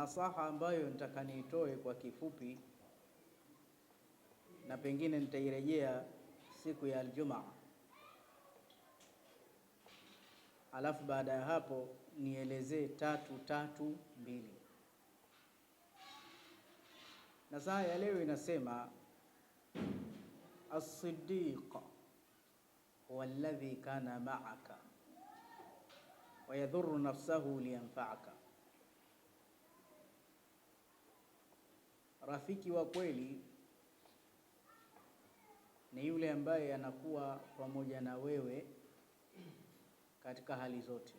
Nasaha ambayo nitaka niitoe kwa kifupi na pengine nitairejea siku ya Aljumaa, alafu baada ya hapo nielezee tatu tatu mbili. Nasaha ya leo inasema as-siddiq walladhi kana ma'aka wa yadhurru nafsahu liyanfa'aka Rafiki wa kweli ni yule ambaye anakuwa pamoja na wewe katika hali zote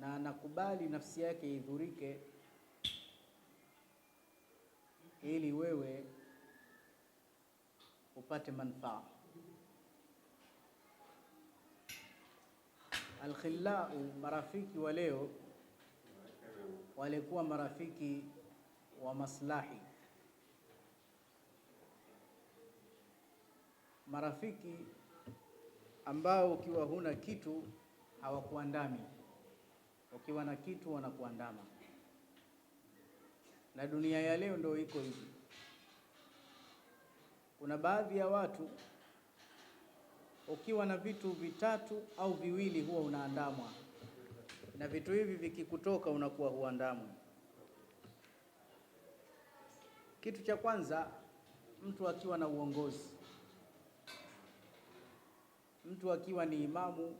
na anakubali nafsi yake idhurike ili wewe upate manufaa. Alkhillau, marafiki wa leo walikuwa marafiki wa maslahi, marafiki ambao ukiwa huna kitu hawakuandami, ukiwa na kitu wanakuandama. Na dunia ya leo ndio iko hivi. Kuna baadhi ya watu ukiwa na vitu vitatu au viwili huwa unaandamwa na vitu hivi vikikutoka unakuwa huandamwi. Kitu cha kwanza, mtu akiwa na uongozi, mtu akiwa ni imamu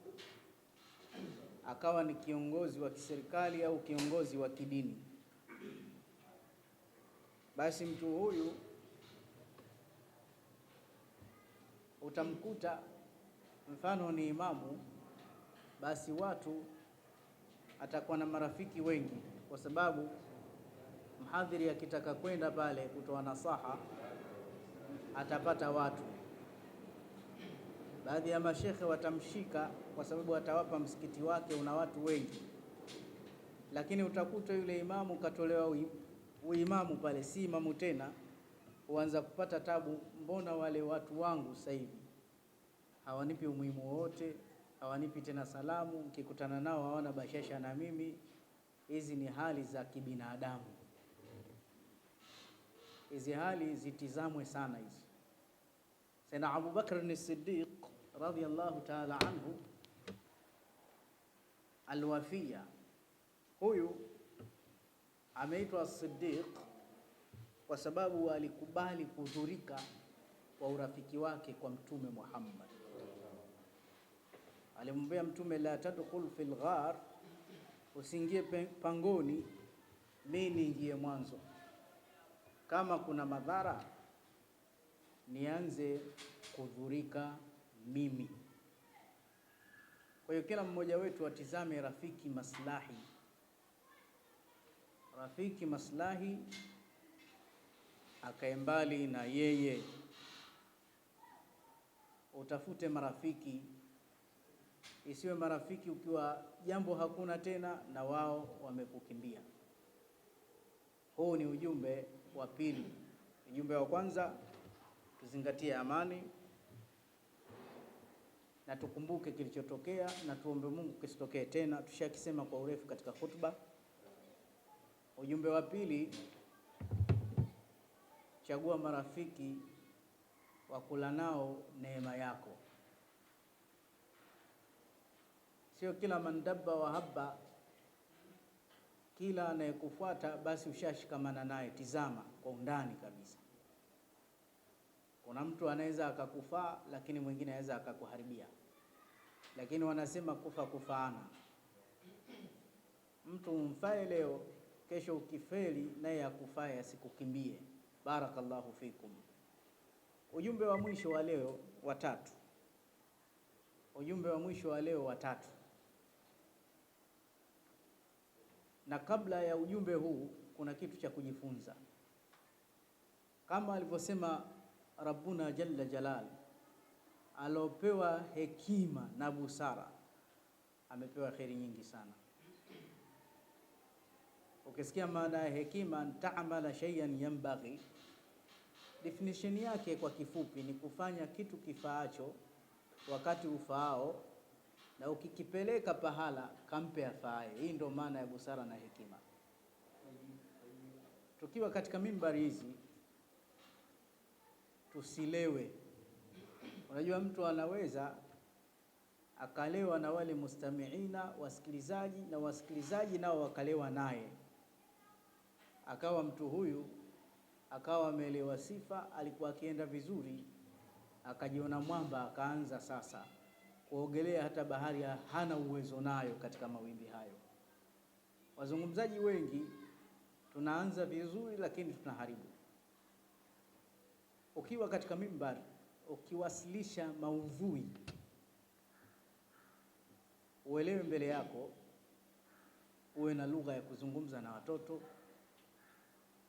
akawa ni kiongozi wa kiserikali au kiongozi wa kidini, basi mtu huyu utamkuta, mfano ni imamu, basi watu atakuwa na marafiki wengi, kwa sababu mhadhiri akitaka kwenda pale kutoa nasaha atapata watu. Baadhi ya mashekhe watamshika kwa sababu atawapa msikiti wake una watu wengi, lakini utakuta yule imamu katolewa uimamu pale, si imamu tena, huanza kupata tabu. Mbona wale watu wangu sasa hivi hawanipi umuhimu wowote? hawanipi tena salamu, nikikutana nao hawana bashasha na mimi. Hizi ni hali za kibinadamu, hizi hali zitizamwe sana hizi. Sayyidina Abu Bakr ni Siddiq radhiyallahu ta'ala anhu alwafia, huyu ameitwa Siddiq kwa sababu alikubali kudhurika kwa urafiki wake kwa Mtume Muhammad alimwambia Mtume, la tadkhul fil ghar, usiingie pangoni, mi niingie mwanzo. Kama kuna madhara nianze kudhurika mimi. Kwa hiyo kila mmoja wetu atizame rafiki maslahi, rafiki maslahi, akae mbali na yeye, utafute marafiki isiwe marafiki ukiwa jambo hakuna tena na wao wamekukimbia. Huu ni ujumbe wa pili. Ujumbe wa kwanza, tuzingatie amani na tukumbuke kilichotokea na tuombe Mungu kisitokee tena. Tushakisema kwa urefu katika khutba. Ujumbe wa pili, chagua marafiki wa kula nao neema yako. Sio kila mandaba wa haba, kila anayekufuata basi ushashikamana naye. Tizama kwa undani kabisa. Kuna mtu anaweza akakufaa, lakini mwingine anaweza akakuharibia. Lakini wanasema kufa kufaana, mtu umfae leo, kesho ukifeli naye akufae, asikukimbie. Barakallahu fikum. Ujumbe wa mwisho wa leo watatu, ujumbe wa mwisho wa leo watatu na kabla ya ujumbe huu kuna kitu cha kujifunza, kama alivyosema Rabbuna Jalla Jalal, alopewa hekima na busara amepewa kheri nyingi sana. Ukisikia maana ya hekima, ntaamala shay'an yanbaghi, definition yake kwa kifupi ni kufanya kitu kifaacho wakati ufaao na ukikipeleka pahala kampe afaaye. Hii ndio maana ya busara na hekima. Tukiwa katika mimbari hizi tusilewe. Unajua, mtu anaweza akalewa na wale mustamiina wasikilizaji, na wasikilizaji nao wakalewa naye, akawa mtu huyu akawa ameelewa sifa, alikuwa akienda vizuri, akajiona mwamba, akaanza sasa kuogelea hata bahari hana uwezo nayo katika mawimbi hayo. Wazungumzaji wengi tunaanza vizuri, lakini tunaharibu. Ukiwa katika mimbar, ukiwasilisha maudhui, uelewe mbele yako, uwe na lugha ya kuzungumza na watoto,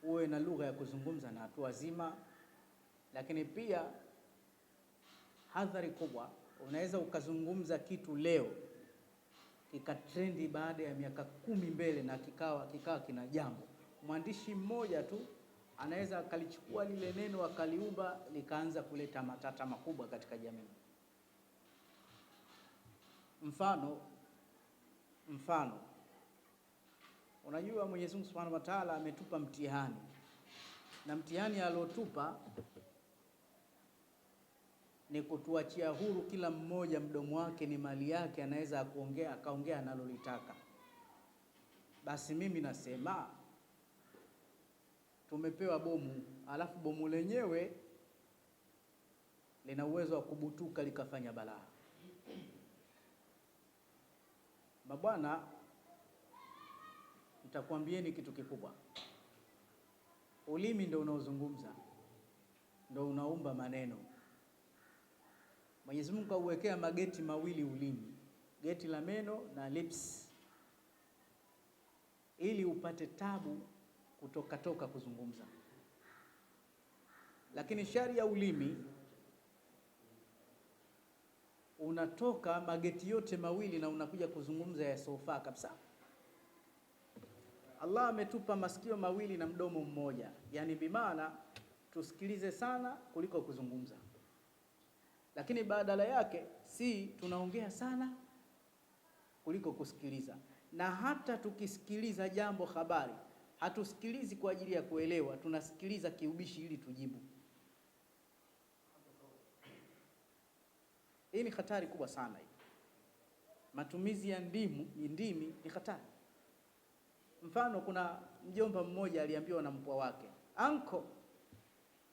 uwe na lugha ya kuzungumza na watu wazima, lakini pia hadhari kubwa Unaweza ukazungumza kitu leo kikatrendi baada ya miaka kumi mbele na kikawa kikawa kina jambo. Mwandishi mmoja tu anaweza akalichukua lile neno akaliumba likaanza kuleta matata makubwa katika jamii. Mfano, mfano unajua Mwenyezi Mungu Subhanahu wa Ta'ala ametupa mtihani na mtihani aliotupa ni kutuachia huru, kila mmoja mdomo wake ni mali yake, anaweza kuongea akaongea analolitaka. Basi mimi nasema tumepewa bomu, alafu bomu lenyewe lina uwezo wa kubutuka likafanya balaa. Mabwana, nitakwambieni kitu kikubwa. Ulimi ndio unaozungumza, ndio unaumba maneno Mwenyezi Mungu kauwekea mageti mawili ulimi, geti la meno na lips, ili upate tabu kutokatoka kuzungumza. Lakini shari ya ulimi unatoka mageti yote mawili na unakuja kuzungumza ya sofa kabisa. Allah ametupa masikio mawili na mdomo mmoja, yaani bimaana tusikilize sana kuliko kuzungumza lakini badala yake si tunaongea sana kuliko kusikiliza, na hata tukisikiliza jambo habari hatusikilizi kwa ajili ya kuelewa, tunasikiliza kiubishi ili tujibu. Hii ni hatari kubwa sana hii. Matumizi ya ndimu, ndimi ni hatari. Mfano, kuna mjomba mmoja aliambiwa na mpwa wake, anko,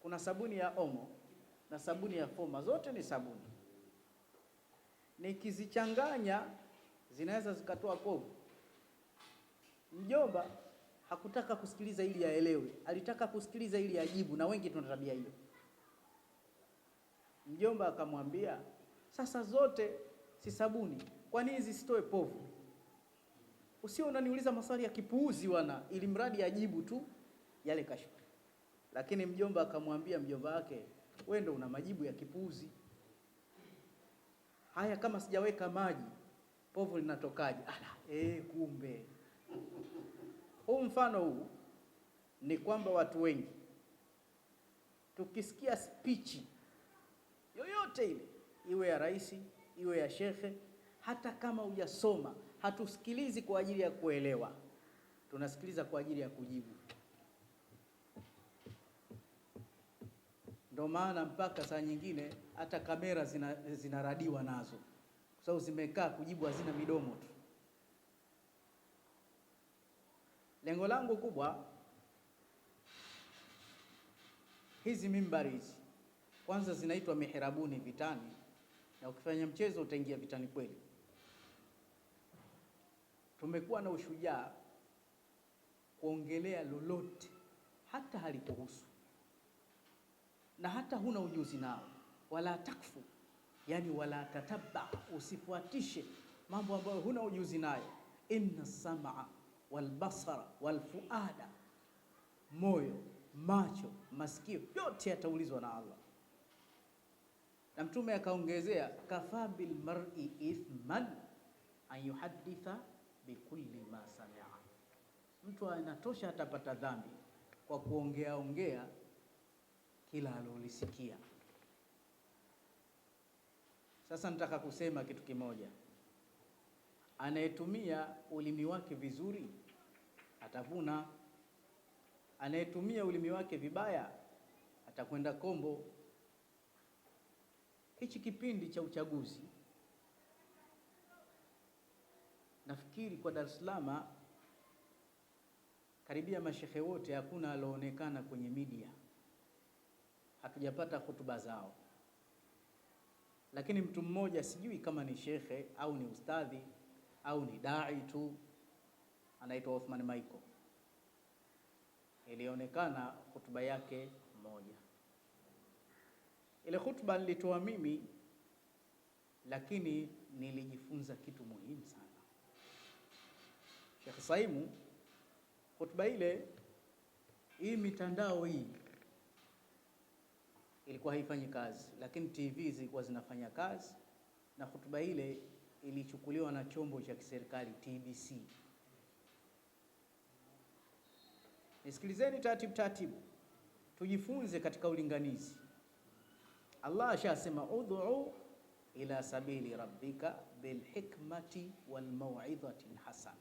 kuna sabuni ya Omo na sabuni ya foma, zote ni sabuni. Nikizichanganya zinaweza zikatoa povu Mjomba hakutaka kusikiliza ili aelewe, alitaka kusikiliza ili ajibu, na wengi tuna tabia hiyo. Mjomba akamwambia, sasa zote si sabuni, kwa nini zisitoe povu? Usio unaniuliza maswali ya kipuuzi wana, ili mradi ajibu tu yale kashfa. Lakini mjomba akamwambia mjomba wake wewe ndio una majibu ya kipuzi Haya, kama sijaweka maji povu linatokaje? Ala, eh, kumbe. Huu mfano huu ni kwamba watu wengi tukisikia spichi yoyote ile, iwe ya rais, iwe ya shekhe, hata kama hujasoma, hatusikilizi kwa ajili ya kuelewa, tunasikiliza kwa ajili ya kujibu. Ndio maana mpaka saa nyingine hata kamera zinaradiwa zina nazo, kwa sababu zimekaa kujibu, hazina midomo tu. Lengo langu kubwa hizi mimbari hizi kwanza zinaitwa mihrabuni, vitani, na ukifanya mchezo utaingia vitani kweli. Tumekuwa na ushujaa kuongelea lolote hata halikuhusu na hata huna ujuzi nao, wala takfu, yani wala tatabba, usifuatishe mambo ambayo huna ujuzi nayo. Inna samaa walbasara walfuada, moyo, macho, masikio yote yataulizwa na Allah. Na Mtume akaongezea kafa bilmari ithman an yuhaditha bikulli ma samia, mtu anatosha atapata dhambi kwa kuongea ongea kila alolisikia. Sasa nataka kusema kitu kimoja, anayetumia ulimi wake vizuri atavuna, anayetumia ulimi wake vibaya atakwenda kombo. Hichi kipindi cha uchaguzi, nafikiri kwa Dar es Salaam karibia mashehe wote hakuna aloonekana kwenye media hatujapata hotuba zao, lakini mtu mmoja sijui kama ni shekhe au ni ustadhi au ni dai tu, anaitwa Othman Michael, ilionekana hotuba yake moja. Ile hotuba nilitoa mimi, lakini nilijifunza kitu muhimu sana. Sheikh Saimu hotuba ile, hii mitandao hii ilikuwa haifanyi kazi, lakini TV zilikuwa zinafanya kazi, na hotuba ile ilichukuliwa na chombo cha kiserikali TBC. Nisikilizeni taratibu taratibu, tujifunze katika ulinganizi. Allah ashasema ud'u ila sabili rabbika bilhikmati walmauidhati lhasana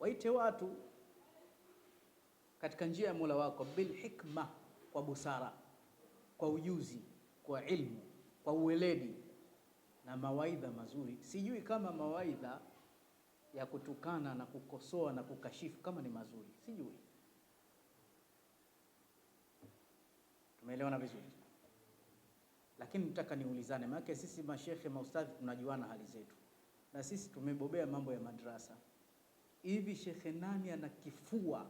waite watu katika njia ya Mola wako bilhikma kwa busara, kwa ujuzi, kwa ilmu, kwa uweledi na mawaidha mazuri. Sijui kama mawaidha ya kutukana na kukosoa na kukashifu kama ni mazuri, sijui. Tumeelewana vizuri, lakini nataka niulizane, maana sisi mashekhe maustadhi tunajuana hali zetu, na sisi tumebobea mambo ya madrasa. Hivi shekhe nani ana kifua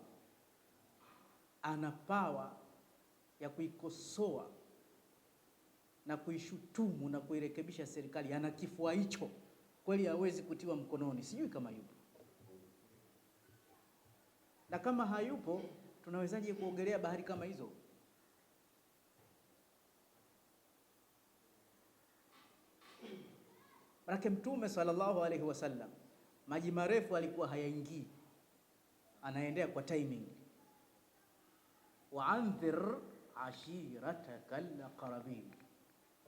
ana power ya kuikosoa na kuishutumu na kuirekebisha serikali, ana kifua hicho kweli? Hawezi kutiwa mkononi? Sijui kama yupo, na kama hayupo, tunawezaje kuogelea bahari kama hizo? Manake Mtume sallallahu alaihi wasallam maji marefu alikuwa hayaingii, anaendea kwa timing waandhir ashirataka alaqrabin,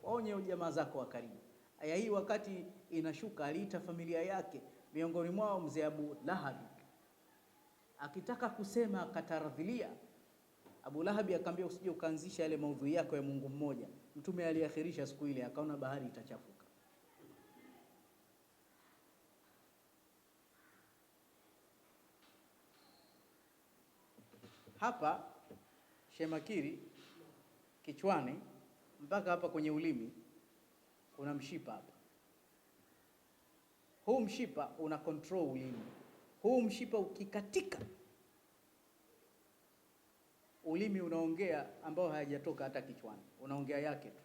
waonye jamaa zako wa karibu. Aya hii wakati inashuka aliita familia yake, miongoni mwao mzee Abu Lahabi akitaka kusema akataradhilia. Abu Lahabi akamwambia, usije ukaanzisha yale maudhui yako ya Mungu mmoja. Mtume aliakhirisha siku ile, akaona bahari itachafuka. Hapa Shemakiri kichwani mpaka hapa kwenye ulimi kuna mshipa hapa. Huu mshipa una control ulimi. Huu mshipa ukikatika, ulimi unaongea ambao hayajatoka hata kichwani, unaongea yake tu.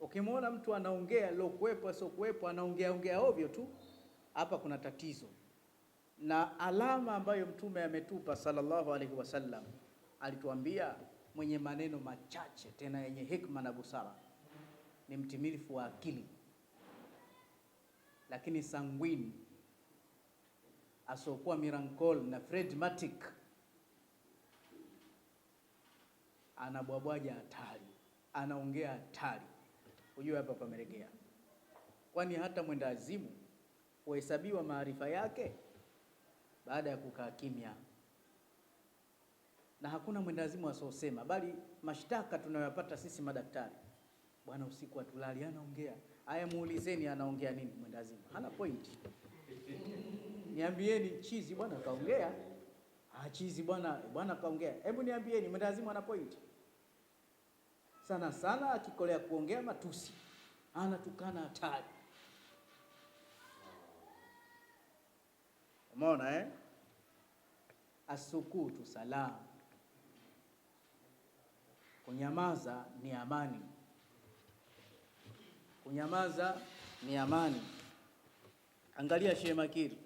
Ukimwona mtu anaongea lokuwepo asiokuwepo, anaongea ongea ovyo tu, hapa kuna tatizo. Na alama ambayo Mtume ametupa sallallahu alaihi wasallam alituambia mwenye maneno machache tena yenye hikma na busara ni mtimilifu wa akili, lakini sanguini asiokuwa mirankol na flegmatic, anabwabwaja hatari, anaongea hatari, hujue hapa pameregea. Kwani hata mwenda azimu huhesabiwa maarifa yake baada ya kukaa kimya na hakuna mwendazimu asiosema, bali mashtaka tunayopata sisi madaktari, bwana usiku atulali, anaongea aya muulizeni anaongea nini mwendazimu, hana point. Niambieni chizi bwana kaongea, ah, chizi bwana bwana kaongea. Hebu niambieni mwendazimu ana point Sana sana akikolea kuongea matusi, anatukana hatari. Umeona eh? Asukutu salamu Kunyamaza ni amani, kunyamaza ni amani. Angalia Sheikh Makini,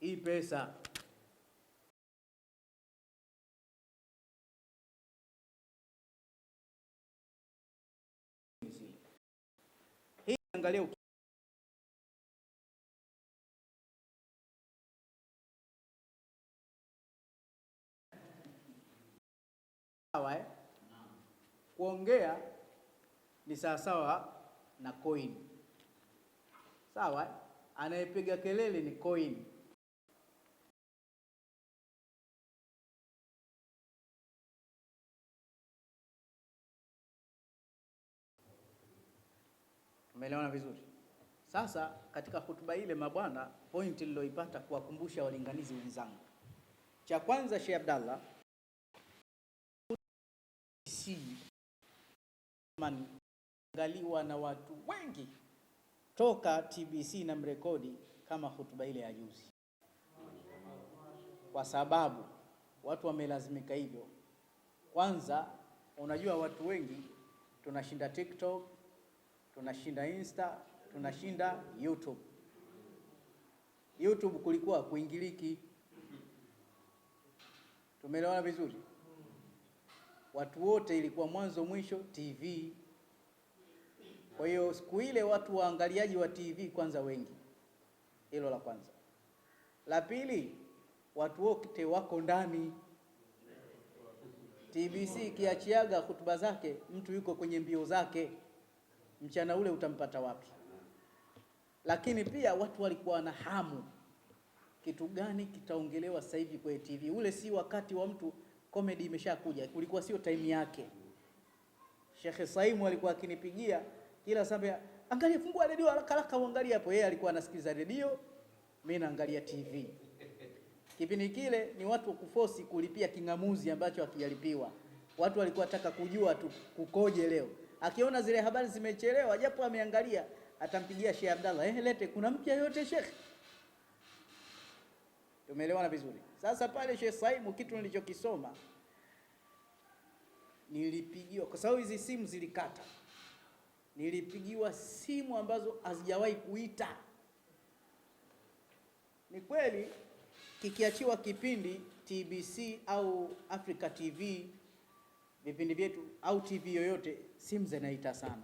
hii pesa hii, angalia sawa eh? kuongea ni sawasawa na coin. Sawa, anayepiga kelele ni coin. Umeelewana vizuri? Sasa katika hotuba ile, mabwana, point niliyoipata kuwakumbusha walinganizi wenzangu, cha kwanza Sheikh Abdallah angaliwa na watu wengi toka TBC na mrekodi kama hutuba ile ya juzi, kwa sababu watu wamelazimika hivyo. Kwanza unajua, watu wengi tunashinda TikTok, tunashinda Insta, tunashinda YouTube. YouTube kulikuwa kuingiliki. Tumeelewana vizuri? watu wote ilikuwa mwanzo mwisho TV. Kwa hiyo siku ile watu waangaliaji wa TV kwanza wengi, hilo la kwanza. La pili, watu wote wako ndani. TBC ikiachiaga hutuba zake, mtu yuko kwenye mbio zake, mchana ule utampata wapi? Lakini pia watu walikuwa na hamu, kitu gani kitaongelewa sasa hivi kwenye TV? Ule si wakati wa mtu comedy imeshakuja, kulikuwa sio time yake. Sheikh Saimu alikuwa akinipigia kila saa, angalia, fungua redio haraka haraka uangalie hapo. Yeye alikuwa anasikiliza redio, mimi naangalia TV. Kipindi kile ni watu wa kufosi kulipia king'amuzi ambacho hakijalipiwa. Watu walikuwa wataka kujua tu kukoje leo. Akiona zile habari zimechelewa, japo ameangalia, atampigia Sheikh Abdallah, eh, lete kuna mpya yote Sheikh. Tumeelewana vizuri. Sasa pale Sheikh Saimu, kitu nilichokisoma nilipigiwa, kwa sababu hizi simu zilikata, nilipigiwa simu ambazo hazijawahi kuita. Ni kweli kikiachiwa kipindi TBC au Africa TV vipindi vyetu au TV yoyote, simu zinaita sana,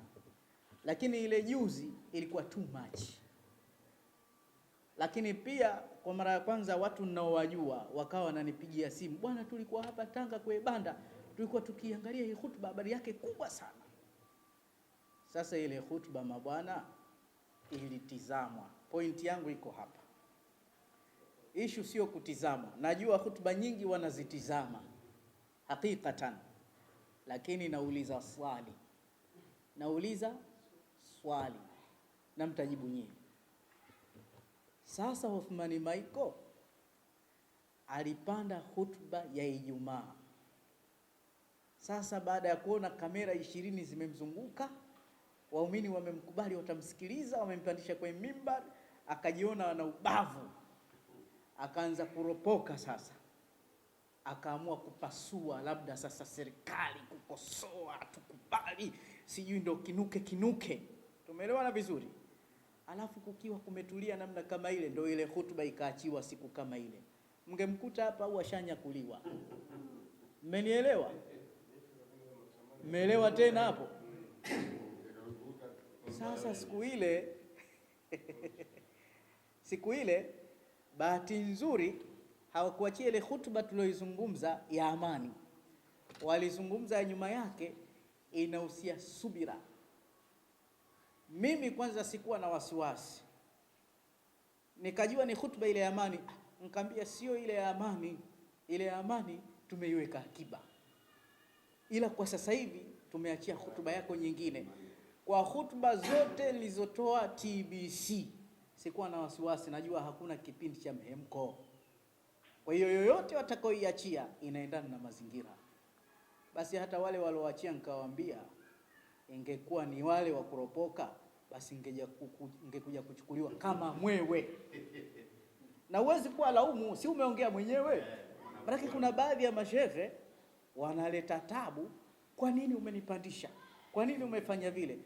lakini ile juzi ilikuwa too much lakini pia kwa mara ya kwanza watu ninaowajua wakawa wananipigia simu, bwana, tulikuwa hapa Tanga kwa banda, tulikuwa tukiangalia hii hutuba, habari yake kubwa sana. Sasa ile hutuba mabwana, ilitizamwa. Pointi yangu iko hapa, ishu sio kutizama. Najua hutuba nyingi wanazitizama hakikatan, lakini nauliza swali, nauliza swali na mtajibu nyinyi sasa Othmani Michael alipanda hutba ya Ijumaa. Sasa baada ya kuona kamera ishirini zimemzunguka, waumini wamemkubali, watamsikiliza, wamempandisha kwenye mimbari, akajiona ana ubavu, akaanza kuropoka. Sasa akaamua kupasua, labda sasa serikali kukosoa, tukubali, sijui ndo kinuke kinuke. Tumeelewana vizuri? alafu kukiwa kumetulia namna kama ile, ndio ile hutuba ikaachiwa siku kama ile, mngemkuta hapa au ashanyakuliwa. Mmenielewa? Mmeelewa tena hapo? Sasa siku ile siku ile bahati nzuri hawakuachia ile hutuba tulioizungumza ya amani, walizungumza ya nyuma yake inahusia subira. Mimi kwanza sikuwa na wasiwasi, nikajua ni hutuba ile ya amani. Nikamwambia sio ile ya amani, ile ya amani tumeiweka akiba, ila kwa sasa hivi tumeachia hutuba yako nyingine. Kwa hutuba zote nilizotoa TBC sikuwa na wasiwasi, najua hakuna kipindi cha mhemko. Kwa hiyo yoyote watakaoiachia inaendana na mazingira. Basi hata wale walioachia nikawaambia ingekuwa ni wale wa kuropoka, basi ingeja kuku, ingekuja kuchukuliwa kama mwewe na uwezi kuwa laumu, si umeongea mwenyewe. Maanake kuna baadhi ya mashehe wanaleta tabu, kwa nini umenipandisha? Kwa nini umefanya vile?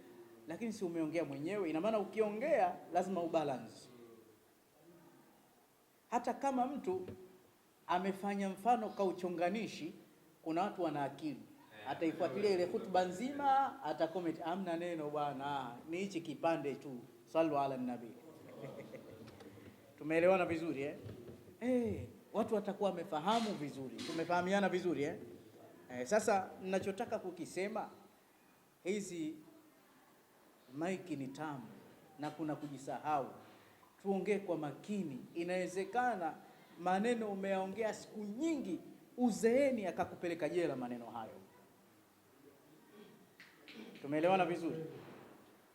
Lakini si umeongea mwenyewe. Ina maana ukiongea lazima ubalance. Hata kama mtu amefanya mfano kauchonganishi, kuna watu wana akili ataifuatilia ile hutuba nzima, atacomment amna neno bwana, ni hichi kipande tu, sallu ala nabi tumeelewana vizuri eh? Hey, eh, watu watakuwa wamefahamu vizuri, tumefahamiana vizuri eh? Hey, eh, sasa ninachotaka kukisema hizi maiki ni tamu na kuna kujisahau, tuongee kwa makini. Inawezekana maneno umeyaongea siku nyingi, uzeeni akakupeleka jela maneno hayo. Tumeelewana vizuri?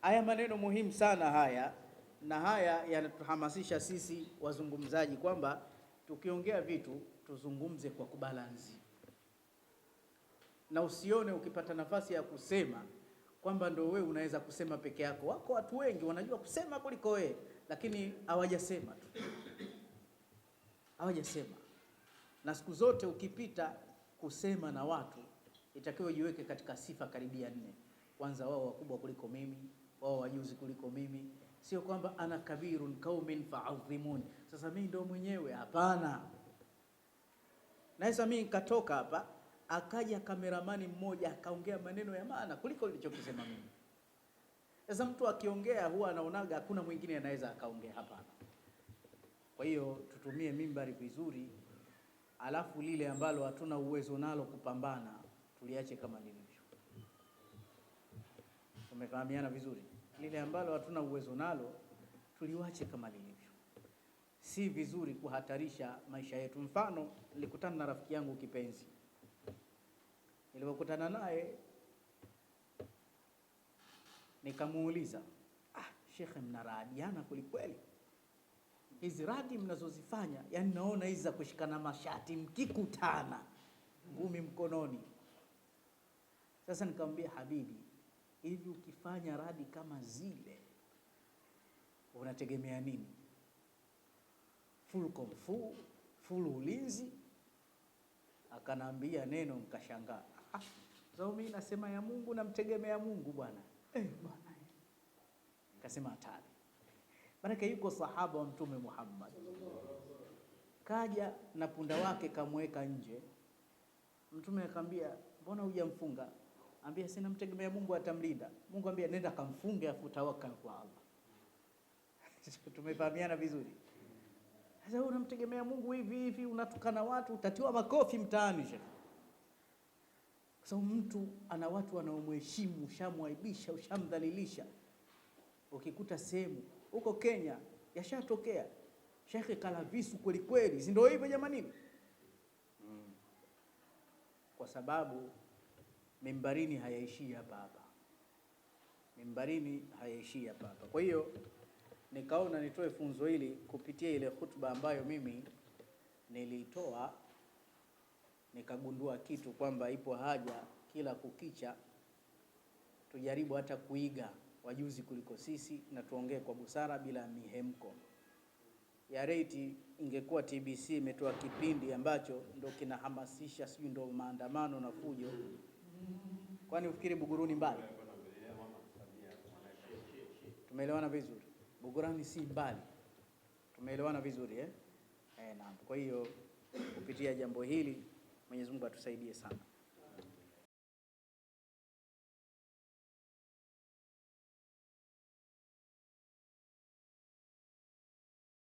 Haya maneno muhimu sana haya, na haya yanatuhamasisha sisi wazungumzaji kwamba tukiongea vitu tuzungumze kwa kubalansi, na usione ukipata nafasi ya kusema kwamba ndo wewe unaweza kusema peke yako. Wako watu wengi wanajua kusema kuliko wewe, lakini hawajasema tu, hawajasema. Na siku zote ukipita kusema na watu, itakiwa jiweke katika sifa karibia nne kwanza wao wakubwa kuliko mimi, wao wajuzi kuliko mimi. Sio kwamba ana kabirun qaumin fa'adhimun, sasa mimi ndo mwenyewe. Hapana. Naweza mimi nikatoka hapa, akaja kameramani mmoja akaongea maneno ya maana kuliko nilichokisema mimi. Sasa mtu akiongea huwa anaonaga hakuna mwingine anaweza akaongea. Hapana. Kwa hiyo tutumie mimbari vizuri, alafu lile ambalo hatuna uwezo nalo kupambana tuliache kama lilivyo tumefahamiana vizuri. Lile ambalo hatuna uwezo nalo tuliwache kama lilivyo, si vizuri kuhatarisha maisha yetu. Mfano, nilikutana na rafiki yangu kipenzi, nilipokutana naye nikamuuliza ah, shekhe, mnaradiana kwelikweli? hizi radi mnazozifanya, yani naona hizi za kushikana mashati mkikutana ngumi mkononi. Sasa nikamwambia habibi hivi ukifanya radi kama zile unategemea nini? Full komfu, full ulinzi? Akanambia neno mkashangaa. Ah, mimi nasema ya Mungu, namtegemea Mungu bwana. Eh, bwana kasema hatari, maanake yuko sahaba wa Mtume Muhammad kaja na punda wake kamweka nje. Mtume akamwambia mbona hujamfunga? ambia sina mtegemea Mungu atamlinda. Mungu ambia nenda kamfunge afu tawakkal kwa Allah. Tumefahamiana vizuri. Sasa wewe unamtegemea Mungu hivi hivi, unatukana watu, utatiwa makofi mtaani shekhi. Kwa sababu mtu ana watu wanaomheshimu, ushamwaibisha, ushamdhalilisha. Ukikuta sehemu huko Kenya yashatokea shekhe kala visu kweli kweli, si ndio hivyo jamani? Mm. Kwa sababu mimbarini hayaishii hapa hapa, mimbarini hayaishii hapa hapa. Kwa hiyo nikaona nitoe funzo hili kupitia ile hutuba ambayo mimi nilitoa, nikagundua kitu kwamba ipo haja kila kukicha tujaribu hata kuiga wajuzi kuliko sisi na tuongee kwa busara bila mihemko. Ya reti ingekuwa TBC imetoa kipindi ambacho ndo kinahamasisha sijui ndo maandamano na fujo Kwani ufikiri Buguruni mbali? Tumeelewana vizuri, Bugurani si mbali, tumeelewana vizuri eh? Eh, naam. Kwa hiyo kupitia jambo hili Mwenyezi Mungu atusaidie sana.